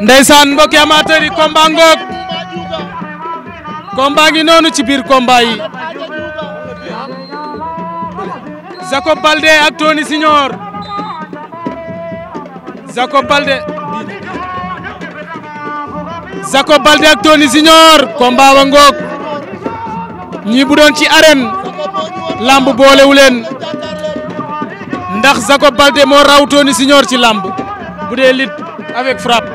ndeysaan mbokki amateur yi combat ngoog combat ngi noonu ci biir combat Jacob Baldé ak Tony Signor Jacob Baldé Jacob Baldé ak Tony Signor combat ngoog ñii bu ci arène lamb boolewu leen ndax Jacob Baldé moo raw Tony Junior ci lamb bu dee lutte avec frappe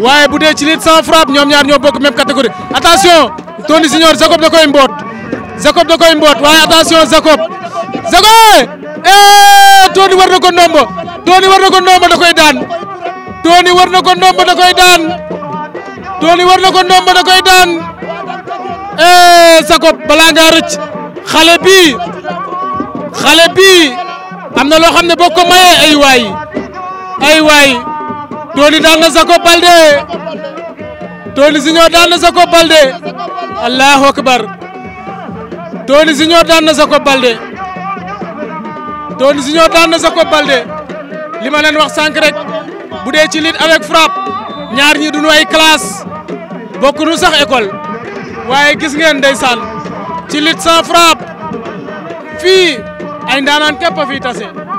waaye bu dee ci lutte sans frappe ñoom ñaar ñoo bokk même catégorie attention Tony Junior Jacob da koy mboot Jacob da koy mboot waaye attention Jacob Jacob eh Tony war na ko ndombo Tony war na ko ndombo da koy daan Tony war na ko ndombo da koy daan Tony war na ko ndombo da koy daan eh Jacob balaa ngaa xale bii xale bii am na loo xam ne boo ko mayee ay waay ay waay Tony daan na Jacob Baldé Tony Junior daan na Jacob Baldé allahu akbar daan na Jacob Baldé Tony ma leen wax sànq bu dee ci lutte avec frappe ñaar ñi duñu ay classe bokkuñu sax école waaye gis ngeen ndeysaan ci lutte sans frappe fii ay ndaanaan képp a fi tase